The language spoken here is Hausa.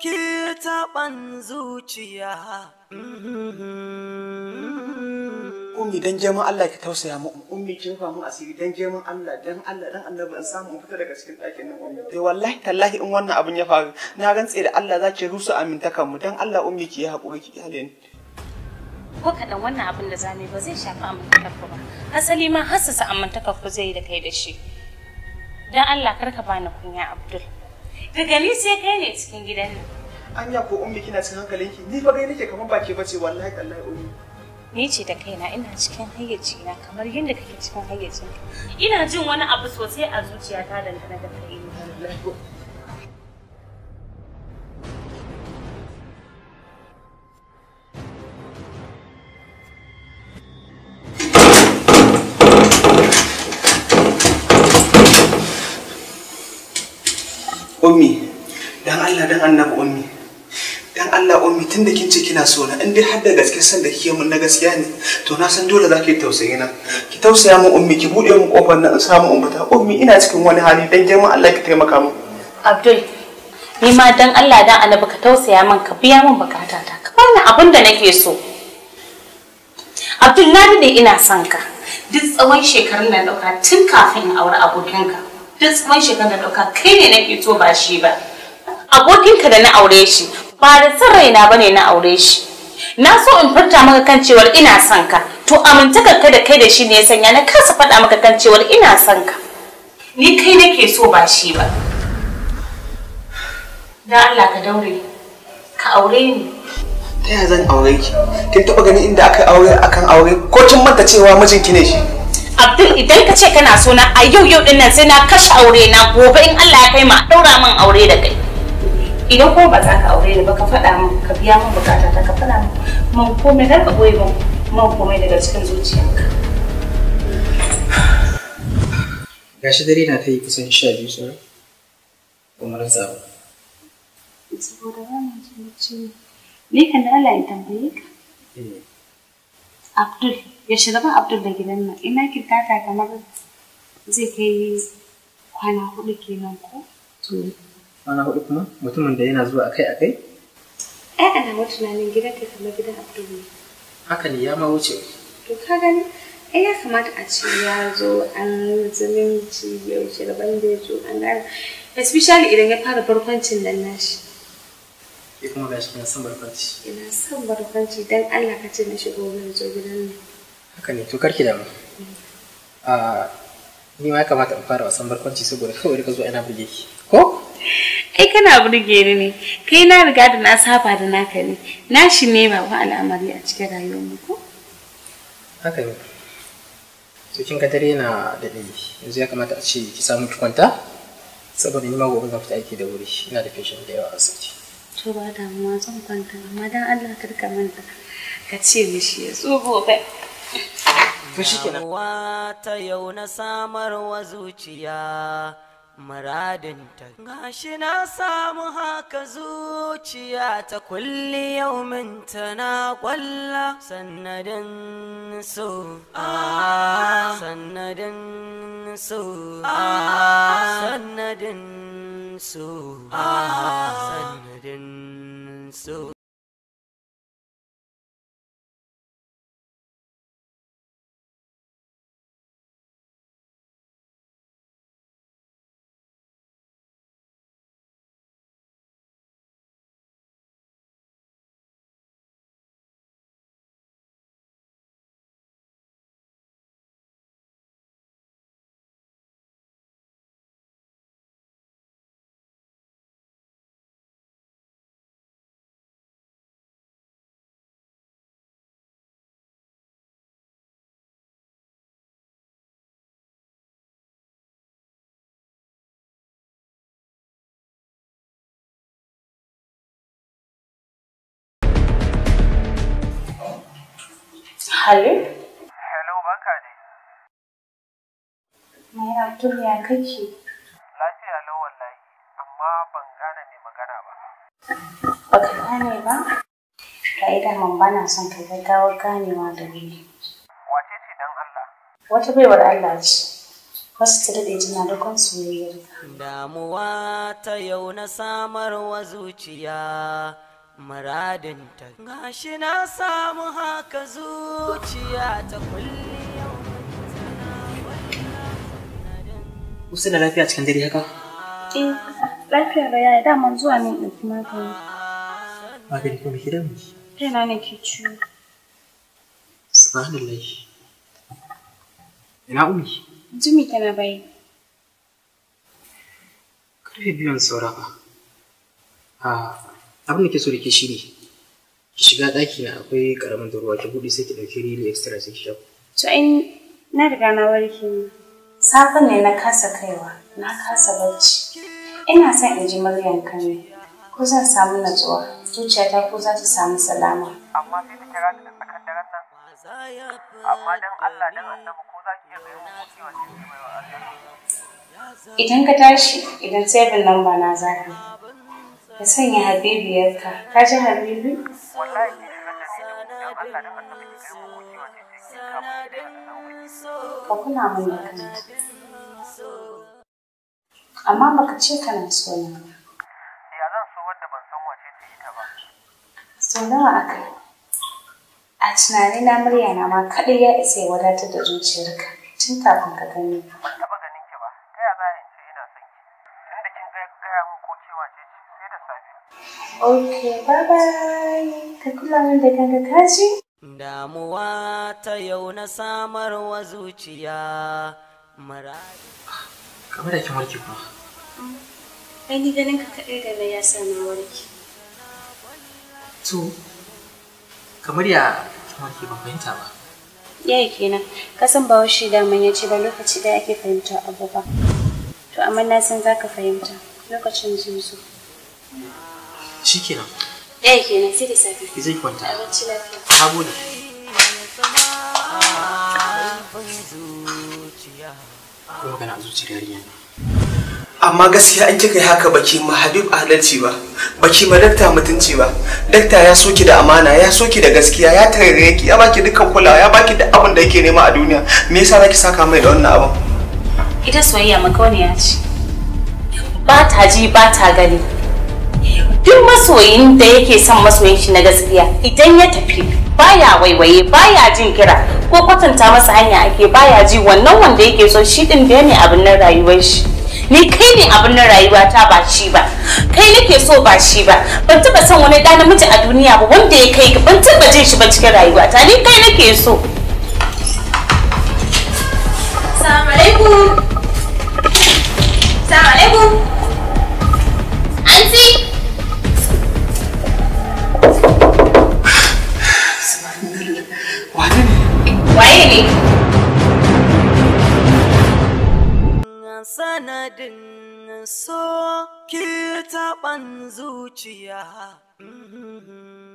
ki taban zuciya. Ummi dan jeman Allah ki tausaya mu ummi kin fa mun asiri dan jeman Allah dan Allah dan annabi in samu in fita daga cikin ɗakin nan ummi. Dai wallahi tallahi in wannan abin ya faru na rantse da Allah za ki rusa amintakan mu dan Allah ummi ki yi haƙuri ki kyale ni. Ko kaɗan wannan abin da zamu ba zai shafi amintakar ku ba. Asali ma hassasa amintakar ku zai yi da kai da shi. Dan Allah kar ka bani kunya Abdul. Daga ni sai kai ne cikin gidan nan. Anya ko ummi kina cikin hankalinki ni fa gai nake kamar baki bace wallahi tallahi ummi. Ni ce da kaina ina cikin hayyacina kamar yadda kake cikin hayyacinka. Ina jin wani abu sosai a zuciyata dangane da kai. ummi dan Allah dan annabi ummi dan Allah ummi tun da kin ce kina so na in dai har da gaskiya san da kike mun na gaskiya ne to na san dole zaki tausayi na ki tausaya min ummi ki bude min kofar nan in samu in ummi ina cikin wani hali dan girman Allah ki taimaka min Abdul ni ma dan Allah dan annabi ka tausaya man ka biya min bukatata ka bani abin da nake so Abdul na ne ina son ka duk tsawon shekarun da dauka tun kafin aure abokinka duk tsawon shekara ɗauka kai ne nake to ba shi ba abokinka da na aure shi ba da san raina bane na aure shi na so in furta maka kan cewar ina son ka to amintakar ka da kai da shi ne ya sanya na kasa faɗa maka kan cewar ina son ka ni kai nake so ba shi ba Dan Allah ka daure ka aure ni ta yaya zan aure ki kin taɓa ganin inda aka aure akan aure ko kin manta cewa mijinki ne shi Abdul idan ka ce kana so na a yau yau din nan sai na kashe aure na gobe in Allah ya kai ma daura min aure da kai. Idan ko ba za ka aure ni ba ka faɗa min ka biya min bukata ta ka faɗa min man komai kar ka boye min man komai daga cikin zuciyarka. Gashi dare na ta yi kusan sha biyu sauran kuma na tsaro. Saboda ba na ne kan da Allah ya tambaye ka. Eh. abdul ya ba abdul da gidan nan ina kirkata kamar zai kai kwana hudu kenan ko to kwana hudu kuma mutumin da yana zuwa akai akai Eh, ana wa tunanin gidan ka kamar gidan abdul ne haka ne ya ma wuce to ka gani eh ya kamata a ce ya zo an zumunci ya wuce da ban da ya zo an gane especially idan ya fara barkwancin nan nashi ke kuma ga shi kina barkwanci ina son barkwanci don Allah ka ce na shigo mun zo gidan nan haka ne to karki da mu mm. ah, ni ma ya kamata in fara wasan barkwanci saboda kawai ka zuwa ina buge ki ko ai kana burge ni ne kai na riga da na saba da naka ne na shi ne ba wa al'amari a cikin rayuwar mu ko haka ne to kin ga dare na da dai yanzu ya kamata a ce ki samu ki kwanta saboda ni ma gobe zan fita aiki da wuri ina da fashion da yawa a asibiti to ba damuwa zan kwanta amma dan Allah kar ka manta ka ce mishi ya zo gobe Yawa ta yau na samarwa zuciya muradinta gashi na samu haka zuciya ta kulli yaumin ta na kwalla sannadin so sannadin so sannadin so soon. Hallo? Hello, barka dai. Mai Abdul ya kake? Lafiya lau wallahi, amma ban gane mai magana ba. Baka gane ba? yi da man bana son ka gaggawa ganewa da wuri. Wace ce dan Allah? Wata baiwar Allah ce. wasu ta daɗe tana da kwansu Damuwa ta yau na samarwa zuciya. muradinta gashi na samu haka zuciya ta kulli Usu da lafiya cikin dare haka? Eh, lafiya da yaya dama zuwa ne kuma ɗauki magani. Magani kuma ki damu? Kaina ne ke ciwo. Subhanallah. Ina umi? Jimi na bai. Karfe biyun saura ba. abin da ke so da ke ne ki shiga ɗaki na akwai karamin ruwa ki buɗe sai ki ɗauki rili extra sai ki sha to in na riga na warke safin ne na kasa kaiwa na kasa bacci ina son in ji muryan ka ne ko zan samu natsuwa zuciyata ko za ta samu salama amma sai ta kira ta kan daren nan amma dan Allah dan annabi ko za ki iya bayan mu cewa kin yi wa Allah idan ka tashi idan sai bin lamba na zaka ya sanya ya Ka ji habibi? Ka kula mun da kanta. Amma baka ce kana so na Ya zan so wanda ban san wace ce ita ba. Sau nawa aka yi? A tunanina murya na ma kaɗai ya isa ya wadatar da zuciyarka tun kafin ka gani. bye bye. Ka min da kanka Damuwa ta yau na samarwa zuciya marari. Kamar da kin warke kuma. Mm. Ai ni ganin ka kaɗai da ya sa na warke. To, kamar ya kin warke ban fahimta ba. Yayi kenan, kasan ba washi daman ya ce ba lokaci da ake fahimta abu ba. To amma na san za ka fahimta lokacin zuzu. shi kenan ɗaya eh, kenan sai da safe zai kwanta a bacci lafiya na gode ko magana a amma gaskiya an kika yi haka baki ma habib adalci ba baki ma dakta mutunci ba dakta ya soki da amana ya soki da gaskiya ya tarare ki ya baki dukkan kulawa ya baki da abin da yake nema a duniya me yasa zaki saka mai da wannan abin ita soyayya makauniya ce ba ta ji ba ta gani duk masoyin da yake son masoyin shi na gaskiya idan ya tafi baya waiwaye baya jin kira ko kwatanta masa hanya ake baya ji wannan wanda yake so shi din da ne abin nan rayuwar shi ni kai ne abin nan rayuwa ta ba shi ba kai nake so ba shi ba ban taba son wani da namiji a duniya ba wanda ya kai ban taba jin shi ba cikin rayuwa ta ni kai nake so Assalamu alaikum sanadin so ki taɓan zuciya. Mm-hmm.